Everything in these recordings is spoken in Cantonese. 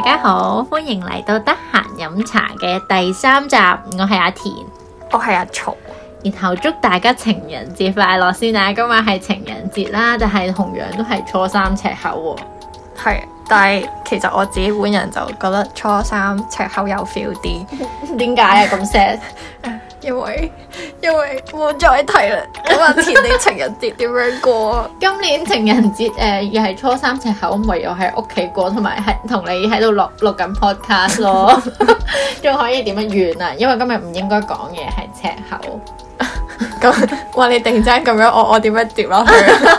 大家好，歡迎嚟到得閒飲茶嘅第三集，我係阿田，我係阿曹，然後祝大家情人節快樂先啊！今日係情人節啦，但係同樣都係初三赤口喎、啊。係，但係其實我自己本人就覺得初三赤口有 feel 啲，點解？ 啊咁 sad？ 因為因為我再提啦。咁話前年情人節點樣過？今年情人節誒，又、呃、係初三赤口，唯有喺屋企過，同埋係同你喺度錄錄緊 podcast 咯。仲 可以點樣完啊？因為今日唔應該講嘢係赤口。咁話 你突然間咁樣，我我點樣跌落去？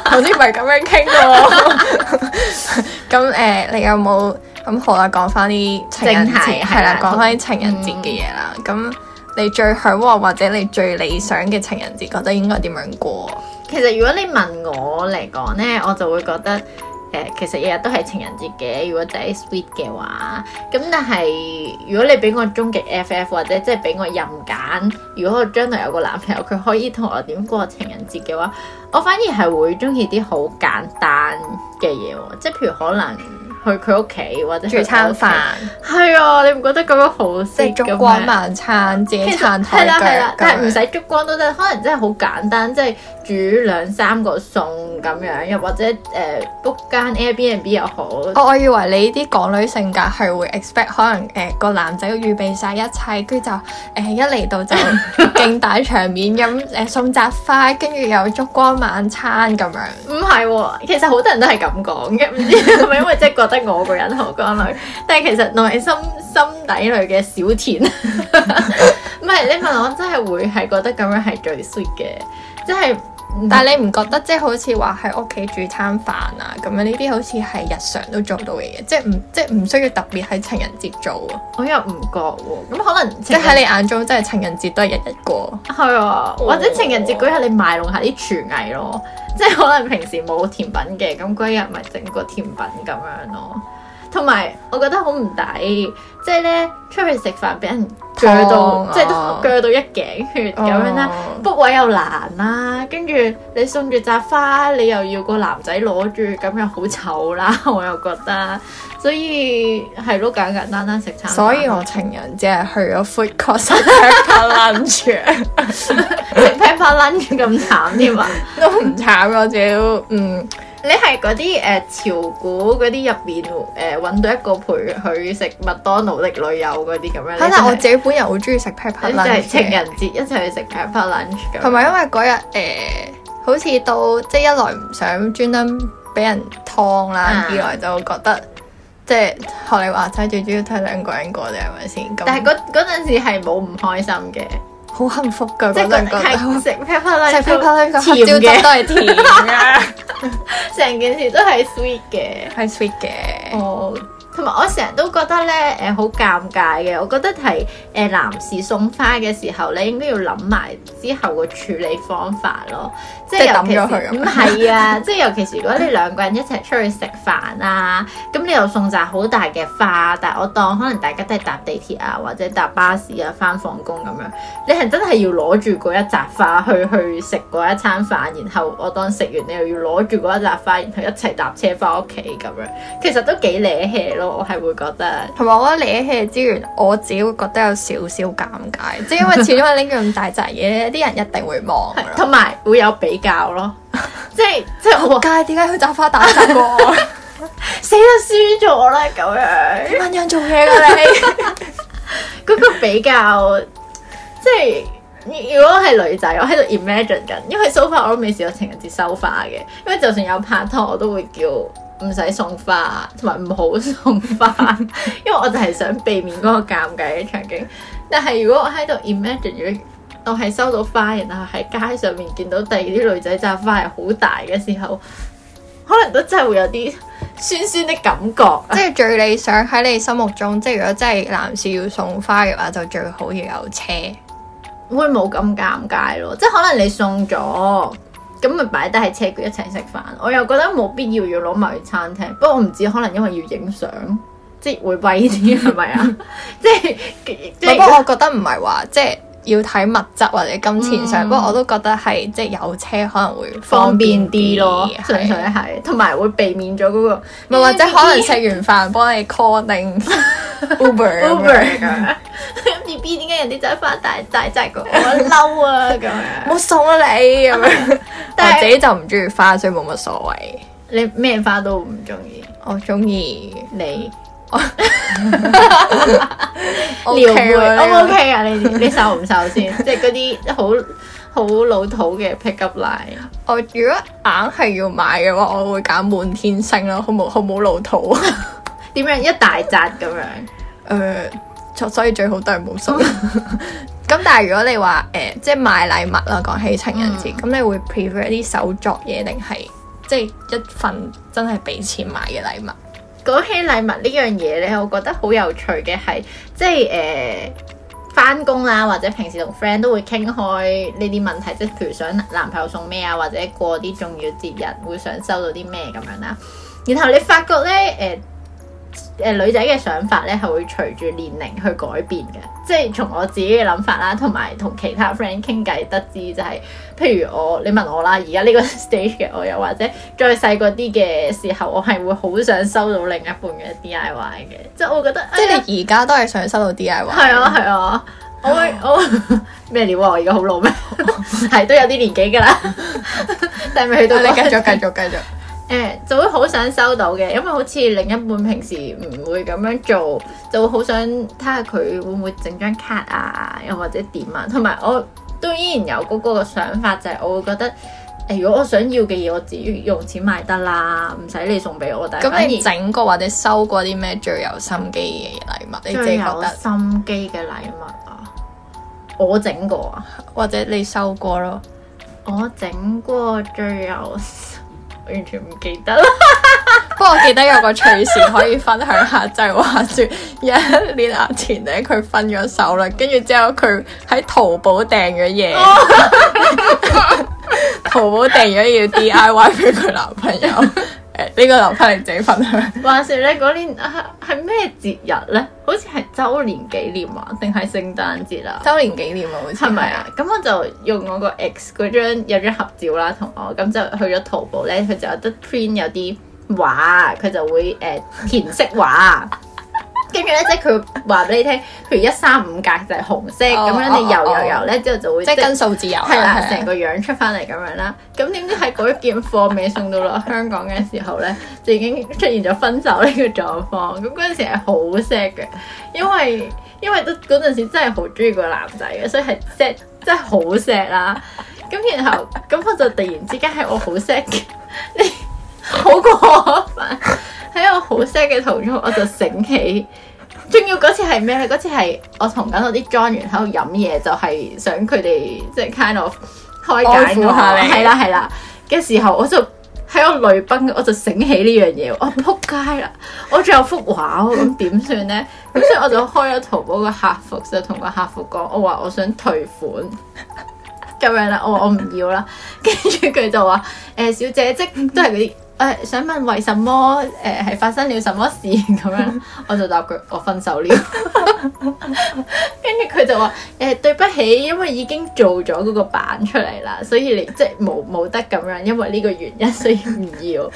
好似唔係咁樣傾嘅喎。咁 誒、呃，你有冇咁好啦？講翻啲情人節係啦，講翻啲情人節嘅嘢啦。咁、嗯。嗯你最向往或者你最理想嘅情人節，覺得應該點樣過？其實如果你問我嚟講呢，我就會覺得誒，其實日日都係情人節嘅。如果就係 sweet 嘅話，咁但係如果你俾我終極 FF 或者即係俾我任揀，如果我將來有個男朋友，佢可以同我點過情人節嘅話，我反而係會中意啲好簡單嘅嘢，即係譬如可能。去佢屋企或者食餐飯，係啊！ 你唔覺得咁樣好即係燭光晚餐、撐台腳？係啦係啦，但係唔使燭光都得，可能真係好簡單，即係。煮兩三個餸咁樣，又或者誒 book、呃、間 Airbnb 又好、哦。我以為你啲港女性格係會 expect，可能誒、呃、個男仔要預備晒一切，跟住就誒、呃、一嚟到就勁大場面咁誒、 呃、送扎花，跟住又燭光晚餐咁樣。唔係、哦，其實好多人都係咁講嘅，唔知係咪因為即係覺得我個人好港女， 但係其實內心心底裡嘅小甜，唔係你問我真係會係覺得咁樣係最 sweet 嘅，即係。但你唔覺得即係好似話喺屋企煮餐飯啊咁樣呢啲好似係日常都做到嘅嘢，即係唔即係唔需要特別喺情人節做啊？我又唔覺喎，咁可能即係喺你眼中，即係情人節都係日日過。係啊、哦，或者情人節嗰日你賣弄一下啲廚藝咯，哦、即係可能平時冇甜品嘅，咁嗰日咪整個甜品咁樣咯。同埋我覺得好唔抵，即係咧出去食飯俾人。鋸到即係鋸到一頸血咁樣啦，book 位又難啦，啊，跟住你送住扎花，你又要個男仔攞住，咁又好醜啦，我又覺得，所以係咯，簡簡單單食餐飯。所以我情人只係去咗 food court 食 Pepper Lunch，Pepper Lunch 咁 慘添嘛？我自己都唔慘嗰招，嗯。你係嗰啲誒潮古嗰啲入邊誒揾到一個陪佢食麥當勞的女友嗰啲咁樣咧？嚇、就係！ 我自己。本人好中意食 Pepper Lunch，即係情人節一齊去食 p p Pepper Lunch 噶。同埋因為嗰日誒，好似到即係一來唔想專登俾人劏啦，嗯、二來就覺得即係學你話齋，最主要睇兩個人過啫，係咪先？但係嗰嗰陣時係冇唔開心嘅，好幸福噶，嗰兩個食 p 係 p Pepper Lunch，食 p p Pepper Lunch 黑椒汁都係甜嘅，成件事都係 sweet 嘅，係 sweet 嘅。哦。Oh. 我成日都覺得咧，誒好尷尬嘅。我覺得係誒、呃、男士送花嘅時候咧，應該要諗埋之後個處理方法咯。即係抌咗佢咁。唔係啊，即係尤其是如果你兩個人一齊出去食飯啊，咁你又送紮好大嘅花，但係我當可能大家都係搭地鐵啊，或者搭巴士啊翻放工咁樣，你係真係要攞住嗰一扎花去去食嗰一餐飯，然後我當食完你又要攞住嗰一扎花，然後一齊搭車翻屋企咁樣，其實都幾惹氣咯～我係會覺得，同埋我覺得你咧氣之餘，我自己會覺得有少少尷尬，即係因為始終拎住咁大扎嘢，啲人一定會望，同埋會有比較咯。即係即係，我話，點解佢紮花大扎過我？死啦，輸咗啦，咁樣，乜人做嘢嘅你？嗰 個比較，即係如果係女仔，我喺度 imagine 緊，因為 so far 我都未試過情人節收花嘅，因為就算有拍拖，我都會叫。唔使送花，同埋唔好送花， 因為我就係想避免嗰個尷尬嘅場景。 但係如果我喺度 imagine，我係收到花，然後喺街上面見到第二啲女仔揸花係好大嘅時候，可能都真係會有啲酸酸嘅感覺。即係最理想喺你心目中，即係如果真係男士要送花嘅話，就最好要有車，會冇咁尷尬咯。即係可能你送咗。咁咪擺低喺車度一齊食飯，我又覺得冇必要要攞埋去餐廳。不過我唔知可能因為要影相，即係會威啲，係咪啊？即係，不過我覺得唔係話即係。要睇物質或者金錢上，不過、嗯、我都覺得係即係有車可能會方便啲咯，是純粹係，同埋會避免咗嗰、嗰個，唔係或者可能食完飯幫你 call 定 Uber，Uber 咁。B B 點解人哋就係花大大劑個我、啊？我嬲啊咁樣，冇送你啊你咁樣。但是我自己就唔中意花，所以冇乜所謂。你咩花都唔中意？我中意你。你聊會 O 唔 OK 啊？你你受唔受先？ 即係嗰啲好好老土嘅 pick up line。我如果硬係要買嘅話，我會揀滿天星咯，好冇好冇老土啊？點 樣一大紮咁樣？誒、 嗯，所所以最好都係冇送。咁 但係如果你話誒，即、呃、係、就是、買禮物啦，講起情人節，咁、嗯、你會 prefer 啲手作嘢，定係即係一份真係俾錢買嘅禮物？講起禮物呢樣嘢呢，我覺得好有趣嘅係，即係誒，返工啦，或者平時同 friend 都會傾開呢啲問題，即係譬如想男朋友送咩啊，或者過啲重要節日會想收到啲咩咁樣啦。然後你發覺呢？誒、呃。誒女仔嘅想法咧係會隨住年齡去改變嘅，即係從我自己嘅諗法啦，同埋同其他 friend 傾偈得知就係，譬如我你問我啦，而家呢個 stage 嘅我，又或者再細個啲嘅時候，我係會好想收到另一半嘅 DIY 嘅，即係我覺得，即係你而家都係想收到 DIY？係啊，係啊，我會我咩料啊？我而家好老咩？係都有啲年紀㗎啦，但係未去到、哎，你繼續繼續繼續。誒、欸，就會好想收到嘅，因為好似另一半平時唔會咁樣做，就會好想睇下佢會唔會整張卡啊，又或者點啊，同埋我都依然有嗰個想法，就係、是、我會覺得，誒、欸，如果我想要嘅嘢，我自己用錢買得啦，唔使你送俾我。咁你整過或者收過啲咩最有心機嘅禮物？你最有心機嘅禮物啊，我整過啊，或者你收過咯？我整過最有。完全唔記得啦，不過記得有個趣事可以分享下， 就係話說一年前啊，佢分咗手啦，跟住之後佢喺淘寶訂咗嘢， 淘寶訂咗要 D I Y 俾佢男朋友。 呢個留翻嚟自己瞓啦。 話說咧，嗰年係咩節日咧？好似係周年紀念啊，定係聖誕節啊？周年紀念啊，好似係咪啊？咁我就用我個 x 嗰張有張合照啦，同我咁就去咗淘寶咧，佢就有得 print 有啲畫，佢就會誒、呃、填色畫。 跟住咧，即係佢話俾你聽，譬如一三五格就係紅色，咁、oh, 樣你游游游咧，oh, oh, oh. 之後就會即係跟數字油，係啦，成個樣出翻嚟咁樣啦。咁點知喺嗰一件貨未送到落香港嘅時候咧，就已經出現咗分手呢個狀況。咁嗰陣時係好 sad 嘅，因為因為都嗰陣時真係好中意個男仔嘅，所以係 sad，真係好 sad 啦。咁然後咁我就突然之間係我好 sad，你好過分喺 我好 sad 嘅途中，我就醒起。仲要嗰次係咩咧？嗰次係我同緊我啲莊員喺度飲嘢，就係、是、想佢哋即係 kind of 開解我開下咧。係啦係啦嘅時候，我就喺我淚崩，我就醒起呢樣嘢，我撲街啦！我仲有幅畫喎，咁點算咧？咁 所以我就開咗淘寶個客服，就同個客服講，我話我想退款咁 樣啦，我話我唔要啦。跟住佢就話：誒、欸、小姐，姐，姐，即都係嗰啲。 我想問為什麼誒係發生了什麼事咁樣？我就答佢我分手了，跟住佢就話誒對不起，因為已經做咗嗰個版出嚟啦，所以你即係冇冇得咁樣，因為呢個原因，所以唔要。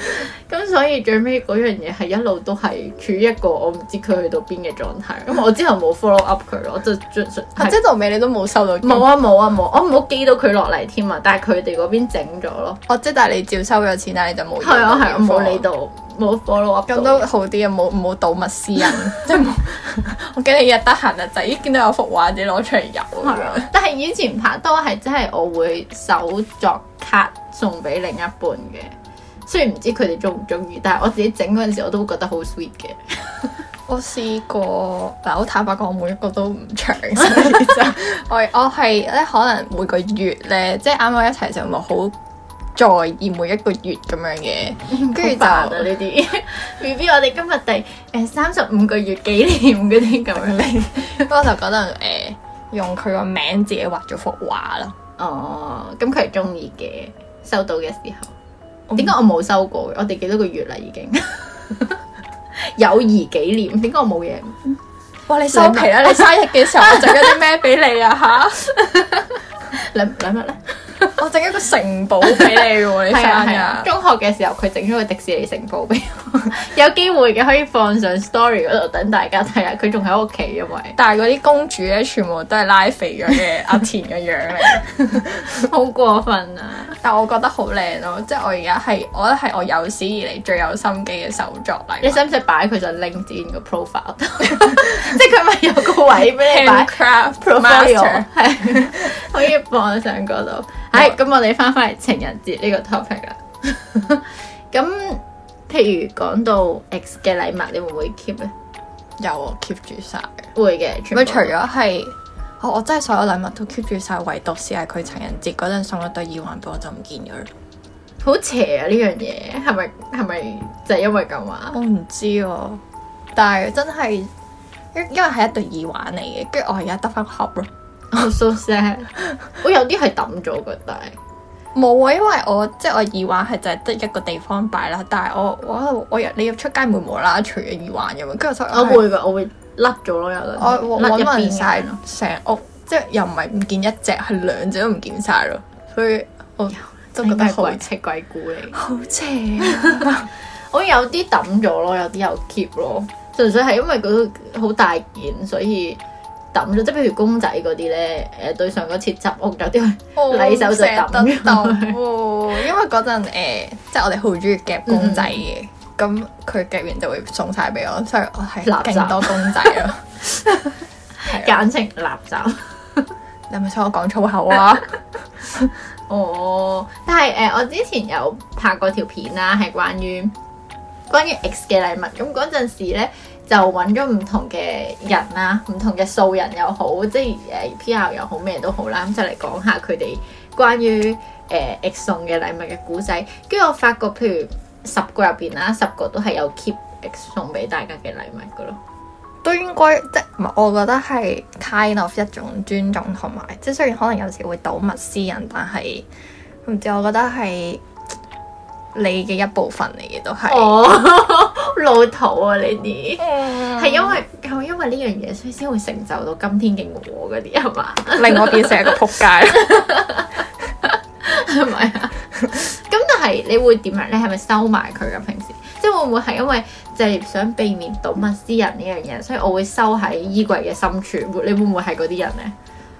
咁所以最尾嗰樣嘢係一路都係處一個我唔知佢去到邊嘅狀態。咁我之後冇 follow up 佢，我就即係到尾你都冇收到。冇啊冇啊冇，我唔好寄到佢落嚟添啊！但係佢哋嗰邊整咗咯。我即係但係你照收咗錢，但係你就冇。係我冇理到冇火咯，咁都、哦、好啲啊！冇冇睹物思人， 即係 我我驚你日得閒啊，就見到有幅畫你攞出嚟咁 但係以前拍拖係真係我會手作卡送俾另一半嘅，雖然唔知佢哋中唔中意，但係我自己整嗰陣時我都會覺得好 sweet 嘅。 我試過，但係我坦白講，我每一個都唔長。 我我係咧，可能每個月咧，即係啱啱一齊就咪好。在而每一個月咁樣嘅，跟住就啊呢啲 B B，我哋今日第誒三十五個月紀念嗰啲咁樣咧，咁我就覺得誒用佢個名自己畫咗幅畫咯。哦，咁佢係中意嘅，收到嘅時候，點解我冇收過嘅？我哋幾多個月啦已經？友誼紀念，點解我冇嘢？哇！你收皮啦！你生日嘅時候我贈咗啲咩俾你啊嚇？禮禮物咧。我整一個城堡俾你嘅喎，你生日。係啊係。中學嘅時候佢整咗個迪士尼城堡俾我。有機會嘅可以放上 story 嗰度，等大家睇下，佢仲喺屋企因為。但係嗰啲公主咧，全部都係拉肥咗嘅阿田嘅樣咧，好過分啊！但係我覺得好靚咯，即係我而家係，我覺得係我有史以嚟最有心機嘅手作啦。你使唔使擺佢就拎自己個 profile？即係佢咪有個位俾你擺 profile？係可以放上嗰度係。咁我哋翻返嚟情人節呢個 topic 啦。 咁譬如講到 X 嘅禮物，你會唔會 keep 咧？有，keep 住晒，會嘅，咁除咗係、哦、我，真係所有禮物都 keep 住晒，唯獨試下佢情人節嗰陣送咗對耳環俾我就，就唔見咗。好邪啊！呢樣嘢係咪係咪就係因為咁話？我唔知啊，但係真係因因為係一對耳環嚟嘅，跟住我而家得翻個盒咯。我收聲，oh, so sad，我有啲係抌咗嘅，但係冇啊，因為我即係我耳環係就係得一個地方擺啦，但係我我我入你要出街冇無啦啦除耳環嘅，跟住我會嘅，我會甩咗咯，有我，我搵唔晒成屋，即係又唔係唔見一隻，係兩隻都唔見晒咯，所以我都覺得係鬼扯鬼故嚟，好正，我有啲抌咗咯，有啲又 keep 咯，純粹係因為佢好大件，所以。抌咗，即係譬如公仔嗰啲咧，誒、呃、對上嗰次執屋有啲禮手石等等，因為嗰陣、呃、即係我哋好中意夾公仔嘅，咁佢、嗯、夾完就會送晒俾我，所以我係勁多公仔咯。簡稱垃圾。 你係咪想我講粗口啊？ 哦，但係誒、呃，我之前有拍過條片啦，係關於關於 X 嘅禮物。咁嗰陣時咧。就揾咗唔同嘅人啦、啊，唔同嘅素人又好，即係誒 PR 又好咩都好啦。咁就嚟講下佢哋關於誒送嘅禮物嘅古仔。跟住我發覺，譬如十個入邊啦，十個都係有 keep 送俾大家嘅禮物噶咯。都應該即係我覺得係 kind of 一種尊重同埋，即係雖然可能有時會睹物思人，但係唔知我覺得係。你嘅一部分嚟嘅都係，oh, 老土啊！呢啲係因為係 因為呢樣嘢，所以先會成就到今天嘅我嗰啲係嘛， 令我變成一個仆街，係咪啊？咁但係你會點樣咧？係咪收埋佢㗎？平時即係、 就係、會唔會係因為就係想避免睹物思人呢樣嘢，所以我會收喺衣櫃嘅深處？你會唔會係嗰啲人咧？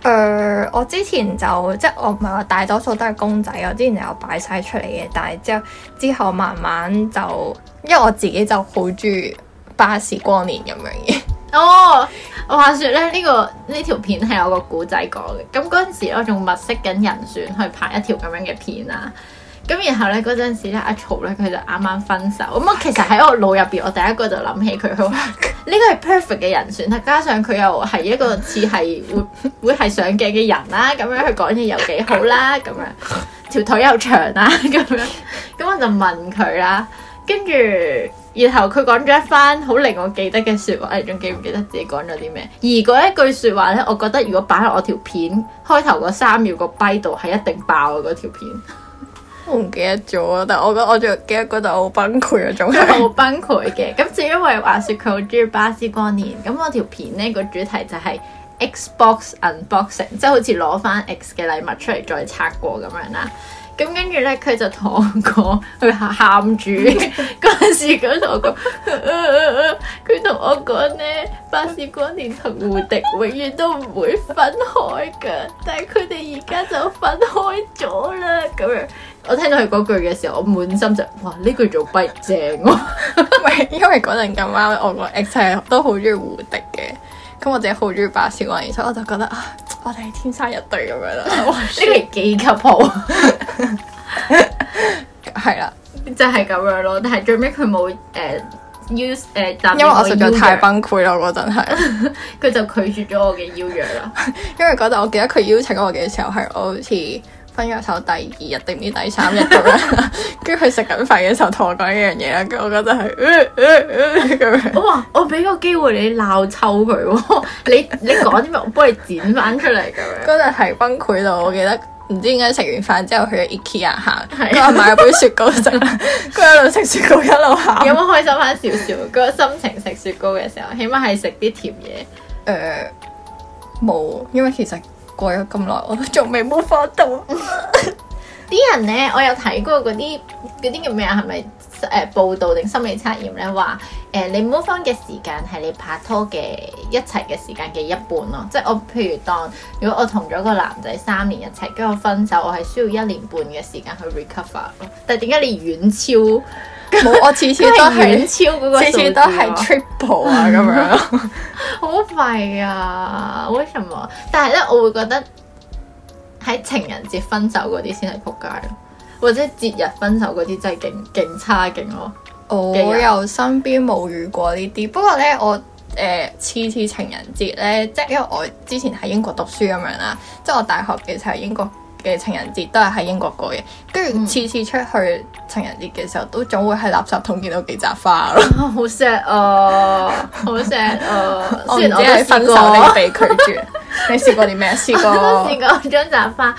誒、呃，我之前就即係我唔係話大多數都係公仔，我之前有擺晒出嚟嘅，但係之後之後慢慢就，因為我自己就好中意巴士光年咁樣嘅。哦，我話說咧，呢、這個呢條、這個、片係我個古仔講嘅，咁嗰陣時我仲物色緊人選去拍一條咁樣嘅片啊。咁然後咧嗰陣時咧、啊，阿曹咧佢就啱啱分手。咁我其實喺我腦入邊，我第一個就諗起佢，佢話呢、呢個係 perfect 嘅人選啦。加上佢又係一個似係會 會係上鏡嘅人啦，咁樣佢講嘢又幾好啦，咁樣條腿又長啦，咁樣。咁我就問佢啦，跟住然後佢講咗一番好令我記得嘅説話，我仲記唔記得自己講咗啲咩？而嗰一句説話咧，我覺得如果擺喺我條片開頭個三秒個 byte 度，係一定爆嘅嗰條片。我唔記，記得咗，但係我覺我仲記得嗰度我崩潰仲係，好崩潰嘅。咁至於 因為話說佢好中意巴斯光年，咁我條片呢、那個主題就係 Xbox unboxing，即係好似攞翻 X 嘅禮物出嚟再拆過咁樣啦。咁跟住咧，佢就同我講，佢喊住嗰陣時，佢同我講，佢同我講咧，巴斯光年同胡迪永遠都唔會分開嘅，但係佢哋而家就分開咗啦。咁樣，我聽到佢嗰句嘅時候，我滿心就哇，呢句做鬼正喎。唔係，因為嗰陣咁啱，我個 ex 係都好中意胡迪嘅。咁我哋好中意白小文，所以我就覺得啊，我哋天生一對咁樣啦！哇，呢個幾 couple 啊，係啦，就係咁樣咯。但係最尾佢冇誒邀誒答我邀約。因為我實在太崩潰啦，嗰陣係佢就拒絕咗我嘅邀約啦。 因為嗰陣我記得佢邀請我嘅時候係我好似。分手第二日定唔知第三日咁樣，跟住佢食緊飯嘅時候同我講一樣嘢啦，跟住我覺得係，咁樣。 我話我俾個機會你鬧臭佢喎，你你講啲咩？ 我幫你剪翻出嚟咁樣。嗰陣係崩潰到，我記得唔知點解食完飯之後去 IKEA 行，跟住買咗杯雪糕食佢喺度食雪糕一路行。有冇開心翻少少？嗰個 心情食雪糕嘅時候，起碼係食啲甜嘢。誒，冇，因為其實。過咗咁耐，我都仲未冇活動。啲 人呢，我有睇過嗰啲嗰啲叫咩啊？係咪誒報道定心理測驗呢？話？誒、呃，你唔好翻嘅時間係你拍拖嘅一齊嘅時間嘅一半咯，即係我譬如當如果我同咗個男仔三年一齊，跟住我分手，我係需要一年半嘅時間去 recover 咯。但係點解你遠超？冇， 我次次都係遠， 遠超嗰個數字啊，次次都係 triple 啊咁 樣，好 廢啊！為什麼？但係咧，我會覺得喺情人節分手嗰啲先係撲街咯，或者節日分手嗰啲真係勁勁差勁咯。我、哦、又身邊冇遇過呢啲，不過咧我誒、呃、次次情人節咧，即係因為我之前喺英國讀書咁樣啦，即係我大學嘅時候英國嘅情人節都係喺英國過嘅，跟住次次出去情人節嘅時候都總會喺垃圾桶見到幾紮花咯，嗯、 好錫啊，好錫啊， 雖然我唔知係分手定被拒絕， 你試過啲咩？試過 我試過將紮花，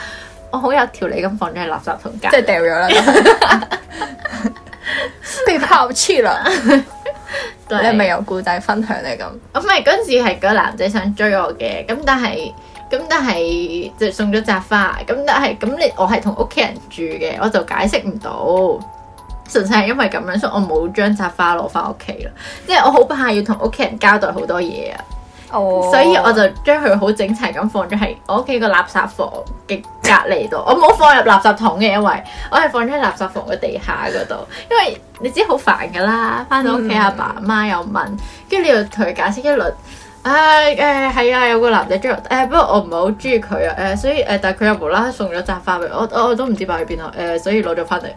我好有條理咁放咗喺垃圾桶隔， 即係掉咗啦。 被拋棄啦！你係咪有故仔分享咧咁？我咪嗰陣時係個男仔想追我嘅，咁但係，咁但係就送咗扎花，咁但係，咁你我係同屋企人住嘅，我就解釋唔到，純粹係因為咁樣，所以我冇將扎花攞翻屋企啦，即係我好怕要同屋企人交代好多嘢啊。所以我就將佢好整齊咁放咗喺我屋企個垃圾房嘅隔離度， 我冇放入垃圾桶嘅，因為我係放咗喺垃圾房嘅地下嗰度。因為你知好煩㗎啦，返到屋企阿爸阿媽又問，跟住、嗯、你又同佢解釋一輪。唉、啊，誒、呃、係啊，有個男仔追、呃、我，誒不過我唔係好中意佢啊，誒所以誒、呃、但係佢又無啦啦送咗扎花俾我，我我都唔知擺喺邊度，誒、呃、所以攞咗返嚟，誒誒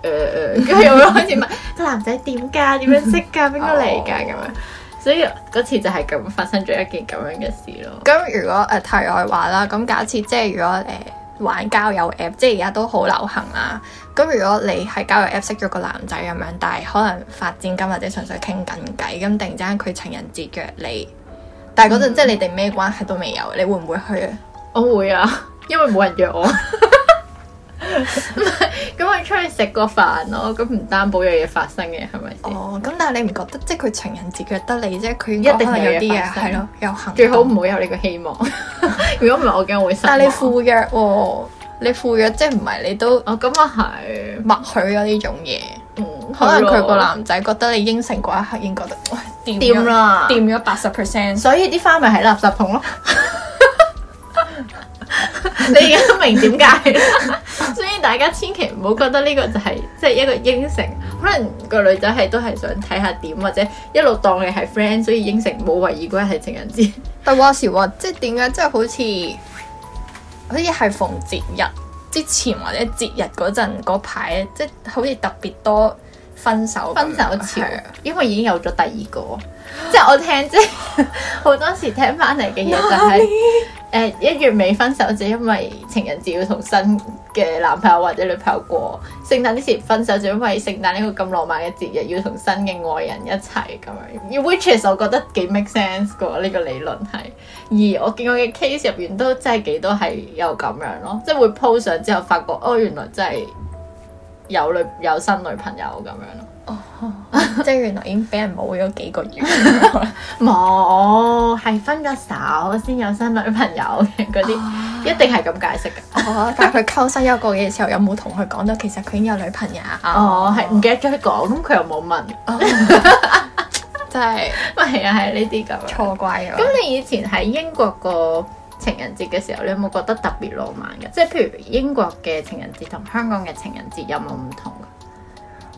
跟住又會開始問個 男仔點㗎？點樣識㗎？邊個嚟㗎？咁、哦、樣。所以嗰次就係咁發生咗一件咁樣嘅事咯。咁如果誒、呃、題外話啦，咁假設即係如果誒、呃、玩交友 app，即係而家都好流行啦、啊。咁如果你喺交友 app 識咗個男仔咁樣，但係可能發展緊或者純粹傾緊偈，咁突然之間佢情人節約你，但係嗰陣即係你哋咩關係都未有，嗯、你會唔會去啊？我會啊，因為冇人約我。 唔係，咁去出去食個飯咯，咁唔擔保有嘢發生嘅，係咪？哦，咁但係你唔覺得，即係佢情人節約得你啫，佢一定有啲嘢係咯，有幸最好唔好有你個希望。如果唔係，我驚會失望。但係你赴約喎，你赴約即係唔係你都哦咁啊，係默許咗呢種嘢，嗯、可能佢個男仔覺得你應承過一刻，已經覺得喂，掂啦，掂咗八十 percent，所以啲花咪喺垃圾桶咯。 你而家都明點解？ 所以大家千祈唔好覺得呢個就係即係一個應承，可能個女仔係都係想睇下點或者一路當你係 friend，所以應承冇懷疑嗰日係情人節。但話時話，即係點解即係好似好似係逢節日之前或者節日嗰陣嗰排，即係好似特別多。分手，分手潮，啊、因為已經有咗第二個， 即係我聽即係好多時聽翻嚟嘅嘢就係、是、誒、 呃、一月尾分手就因為情人節要同新嘅男朋友或者女朋友過，聖誕之前分手就因為聖誕呢個咁浪漫嘅節日要同新嘅愛人一齊咁樣，which is 我覺得幾 make sense 㗎呢、呢個理論係，而我見我嘅 case 入邊都真係幾多係有咁樣咯，即係會 po 上之後發覺哦原來真係。有女有新女朋友咁樣咯，即係、oh, 原來已經俾人冇咗幾個月，冇係 分咗手先有新女朋友嘅嗰啲，oh. 一定係咁解釋嘅。Oh, 但係佢溝新一個嘅時候， 有冇同佢講到其實佢已經有女朋友啊？哦，係唔記得咗佢講，咁佢又冇問，真係，係啊係呢啲咁錯怪啊！咁你以前喺英國個，情人節嘅時候，你有冇覺得特別浪漫嘅？即係譬如英國嘅情人節同香港嘅情人節有冇唔同？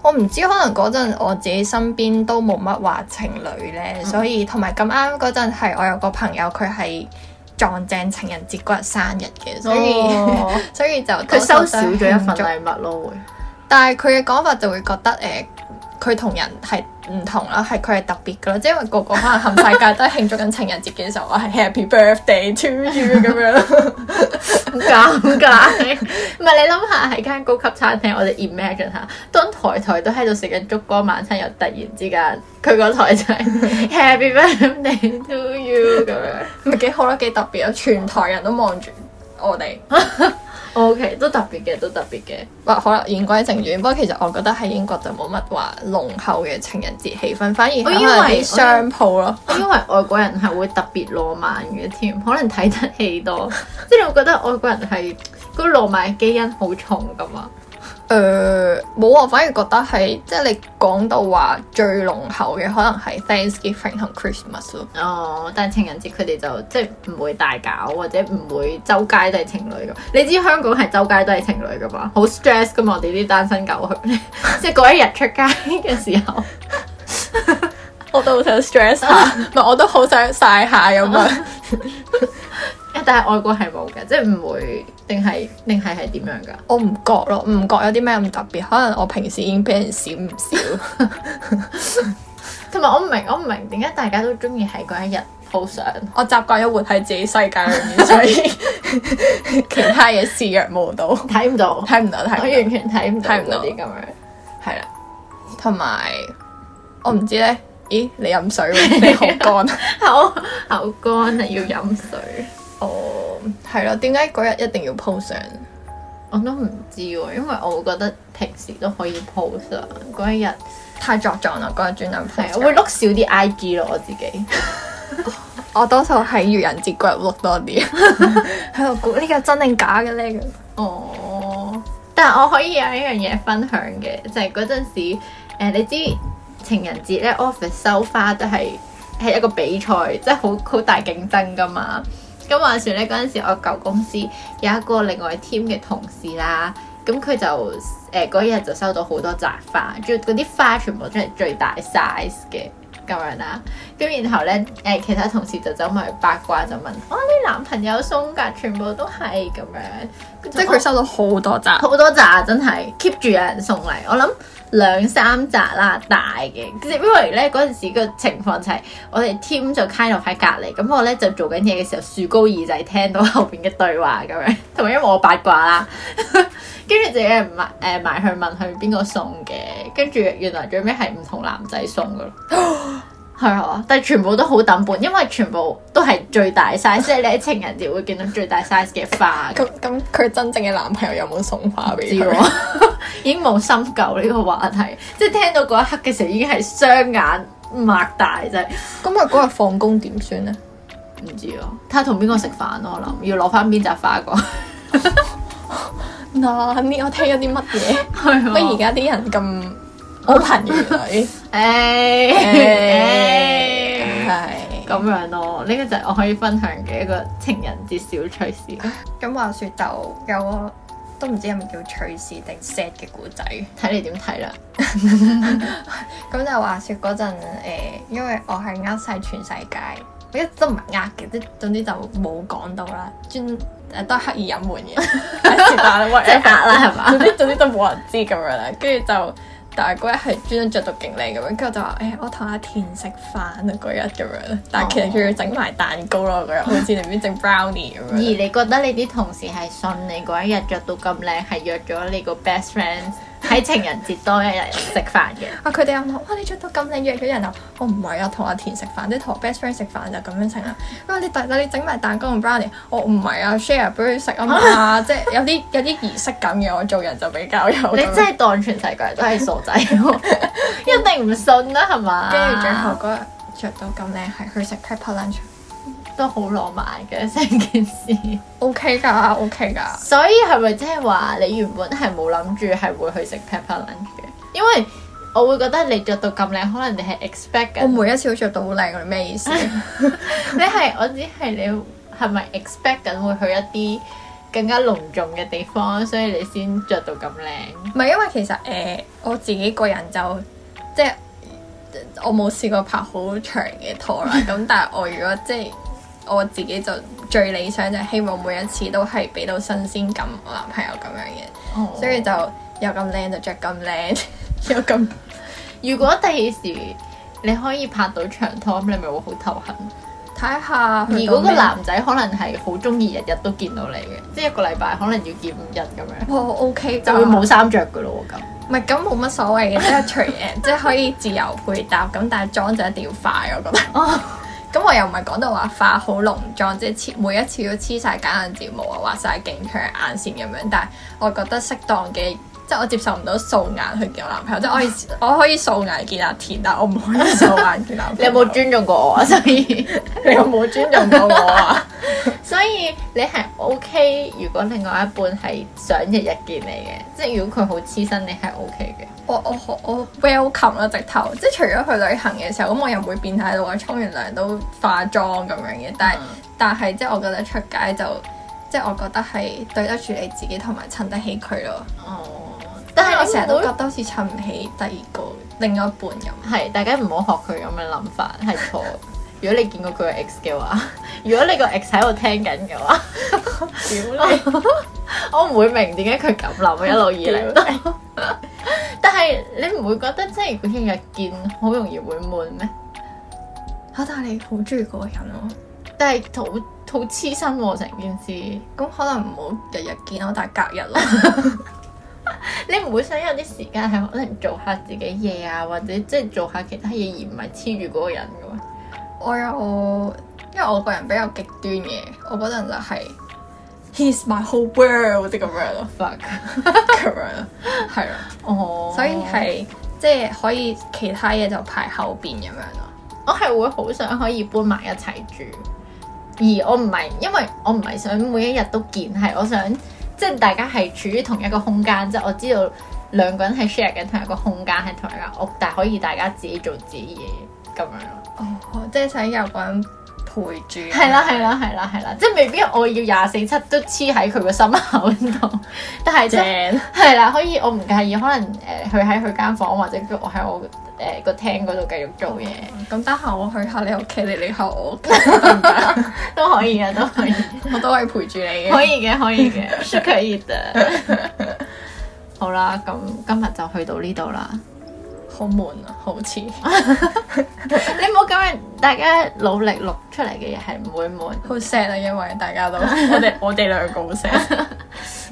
我唔知，可能嗰陣我自己身邊都冇乜話情侶咧，嗯、所以同埋咁啱嗰陣係我有個朋友，佢係撞正情人節嗰日生日嘅，所以、哦、 所以就佢收少咗一份禮物咯。會，但係佢嘅講法就會覺得誒，佢、呃、同人係。唔同啦，係佢係特別㗎咯，即係因為個個可能冚世界都慶祝緊情人節嘅時候，我係 Happy Birthday to you 咁樣，尷唔尷尬？唔係你諗下喺間高級餐廳，我哋 Imagine 下，當台台都喺度食緊燭光晚餐，又突然之間佢個台就係 Happy Birthday to you 咁樣，咪幾 好咯，幾特別咯，全台人都望住我哋。 O、okay, K，都特別嘅，都特別嘅。或好啦，言歸正傳，不過其實我覺得喺英國就冇乜話濃厚嘅情人節氣氛，反而因為喺商鋪咯。我我因為外國人係會特別浪漫嘅添， 可能睇得戲多，即、就是、你會覺得外國人係個浪漫基因好重噶嘛。誒，冇啊、呃，反而覺得係，即、就、係、是，你講到話最濃厚嘅，可能係 Thanksgiving 同 Christmas 咯。哦，但係情人節佢哋就即係唔會大搞，或者唔會周街都係情侶噶。你知香港係周街都係情侶噶嘛？好 stress 噶嘛？我哋啲單身狗去，即係嗰一日出街嘅時候， 我都好想 stress 下，oh, 唔係我都好想曬下咁樣！Oh. 但係外國係冇嘅，即係唔會，定係定係係點樣㗎？我唔覺咯，唔覺有啲咩咁特別。可能我平時已經俾人閃唔少。同埋我唔明，我唔明點解大家都中意喺嗰一日 po 相。我習慣咗活喺自己世界裏面，所以 其他嘢視若無睹，睇唔到，睇唔 到，睇唔到，我完全睇唔到嗰啲咁樣。係啦，同埋、嗯、我唔知咧，咦？你飲水喎？你口乾口 口乾啊，要飲水。哦，係咯、oh？點解嗰日一定要 post 相？我都唔知喎，因為我覺得平時都可以 post。嗰一日太作狀啦，嗰日專登 po。我會碌少啲 I G 咯，我自己。我多數喺愚人節 group 碌多啲。喺度估呢個真定假嘅呢？哦，oh，但係我可以有一樣嘢分享嘅，就係嗰陣時誒，你知情人節咧，office 收花都係係一個比賽，即係好好大競爭噶嘛。咁話説咧，嗰陣時我舊公司有一個另外 team 嘅同事啦，咁佢就誒嗰日就收到好多紮花，仲嗰啲花全部都係最大 size 嘅咁樣啦。咁然後咧誒、呃、其他同事就走埋去八卦，就問：哦，你男朋友送㗎？全部都係咁樣，樣即係佢收到好多紮，好多紮真係 keep 住有人送嚟。我諗。兩三集啦，大嘅。因為咧嗰陣時個情況就係我哋 team 就卡喺隔離，咁我咧就做緊嘢嘅時候，豎高耳仔聽到後邊嘅對話咁樣，同埋因為我八卦啦，跟 住自己問誒埋去問佢邊個送嘅，跟住原來最尾係唔同男仔送㗎。 係啊，但係全部都好等本，因為全部都係最大 size，即係你喺情人節會見到最大 size 嘅花。咁咁， 佢真正嘅男朋友有冇送花俾你、啊？已經冇深究呢、這個話題，即係聽到嗰一刻嘅時候已經係雙眼擘大就係。咁啊，嗰日放工點算呢？唔知咯，睇下同邊個食飯咯，我諗要攞翻邊紮花過嗱呢，我，一 我聽一啲乜嘢？喂， 而家啲人咁？我朋友仔，係咁樣咯。呢個就係我可以分享嘅一個情人節小趣事。咁 話說就有都唔知係咪叫趣事定 sad 嘅故仔，睇你點睇啦。咁就話說嗰陣誒，因為我係呃晒全世界，我一都唔係呃嘅，即總之就冇講到啦，專誒、啊、都刻意隱瞞嘅，但 whatever 啦係嘛， 總之總之都冇人知咁樣啦，跟住就。但係嗰日係專登着到勁靚咁樣，跟住就話：誒、欸，我同阿田食飯啊，嗰日咁樣。但係其實佢要整埋蛋糕咯嗰日，好似入邊整 brownie 咁樣。 而你覺得你啲同事係信你嗰一日着到咁靚，係約咗你個 best friend？喺情人節多一日食飯嘅、 啊，啊佢哋有冇哇你着到咁靚嘅佢人啊，我唔係啊，同阿田食飯，啲同 best friend 食飯就咁樣請啦、啊。哇、啊、你但你整埋蛋糕同 brownie，我唔、哦、係啊 share 俾佢食啊嘛， 即係有啲有啲儀式感嘅，我做人就比較有。你真係當全世界都係傻仔、啊， 一定唔信啦係嘛？跟住、 嗯、吧最後嗰日着到咁靚係去食 Pepper Lunch。都好浪漫嘅成件事，OK 噶，OK 噶。所以係咪即係話你原本係冇諗住係會去食 Pepper Lunch 嘅？因為我會覺得你着到咁靚，可能你係 expect 緊我每一次都着到好靚，我咩意思？ 你係我只係你係咪 expect 緊會去一啲更加隆重嘅地方，所以你先着到咁靚？唔係，因為其實誒、呃，我自己個人就即係我冇試過拍好長嘅拖啦。咁但係我如果即係。 我自己就最理想就希望每一次都係俾到新鮮感，我男朋友咁樣嘅，oh. 所以就有咁靚就着咁靚，有咁那。 如果第二時你可以拍到長拖，咁你咪會好頭痕。睇下。如果個男仔可能係好中意日日都見到你嘅，哦、即係一個禮拜可能要見五日咁樣。我、哦、OK 就會冇衫着嘅咯喎咁。唔係，咁冇乜所謂嘅，即係隨便，即係可以自由配搭咁，但係妝就一定要快，我覺得。 咁我又唔係講到話化好濃妝，即係黐每一次都黐曬假眼睫毛，畫曬勁長眼線咁樣，但係我覺得適當嘅。即係我接受唔到素顏去見我男朋友，即係我係我可以素顏見阿田，但係我唔可以素顏見男朋友。 你有冇尊重過我啊？所以 你有冇尊重過我啊？ 所以你係 O K。如果另外一半係想日日見你嘅，即係如果佢好黐身，你係 O K 嘅。我我我 welcome 咯，直頭即係除咗去旅行嘅時候，咁我又唔會變態到話沖完涼都化妝咁樣嘅。但係、嗯、但係即係我覺得出街就即係我覺得係對得住你自己同埋襯得起佢咯。哦、嗯。但係我成日都覺得好似襯唔起第二個另外一半咁。係，大家唔好學佢咁嘅諗法，係錯。 如果你見過佢嘅 ex 嘅話，如果你個 ex 喺度聽緊嘅話，我唔會明點解佢咁諗，一路以嚟， 但係你唔會覺得即係如果日日見，好容易會悶咩？嚇、啊！但係你好中意嗰個人喎， 但係好好黐身成件事，咁可能唔好日日見咯，但係隔日咯。你唔會想有啲時間係可能做下自己嘢啊，或者即係做下其他嘢，而唔係黐住嗰個人噶嘛？我有，因為我個人比較極端嘅，我嗰陣就係、是、He's my whole world 即咁樣咯。Fuck 咁 這樣咯，係咯。哦，所以係即係可以其他嘢就排後邊咁樣咯。我係會好想可以搬埋一齊住，而我唔係，因為我唔係想每一日都見，係我想。即係大家係處於同一個空間，即係我知道兩個人係 share 緊同一個空間，係同一間屋，但係可以大家自己做自己嘢咁樣咯。哦，即係使有個人陪住。係啦，係啦，係啦，係啦，係啦，即係未必我要廿四七都黐喺佢個心口度，但係都係啦。可以我唔介意，可能誒佢喺佢間房，或者我喺我。誒、呃、個廳嗰度繼續做嘢，咁得閒我去下你屋企，你你下我屋企 都可以嘅，都可以， 我都可以陪住你嘅，可以嘅，可以嘅，都可以嘅。好啦，咁今日就去到呢度啦，好悶啊，好似 你唔好咁樣，大家努力錄出嚟嘅嘢係唔會悶，好 sad 啊，因為大家都 我哋我哋兩個好 sad。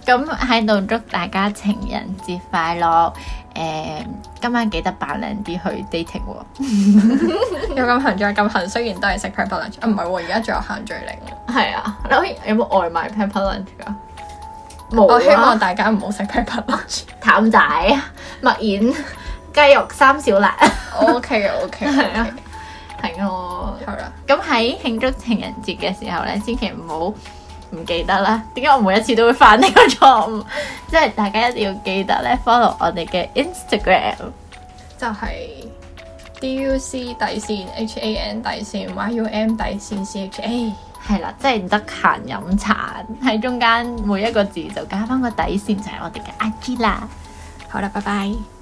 咁喺度祝大家情人節快樂，誒、嗯！今晚記得扮靚啲去 dating 喎、哦。 有咁行再咁行，雖然都係食 p a p e lunch。唔係喎，而家仲有限聚令。係啊，嗯、可可有冇外賣 p a p e lunch 啊？冇。我希望大家唔好食 p a p e lunch。淡仔、墨燕、雞肉三小辣。 OK OK，係、okay, okay. 啊，係啊，係 啊。咁喺慶祝情人節嘅時候咧，千祈唔好。唔記得啦，點解我每一次都會犯呢個錯誤？即 係大家一定要記得咧，follow 我哋嘅 Instagram，就係 D U C 底線 H A N 底線 Y U M 底線 C H A。係啦，即係唔得閒飲茶，喺中間每一個字就加翻個底線，就係我哋嘅 IG 啦。G La、好啦，拜拜。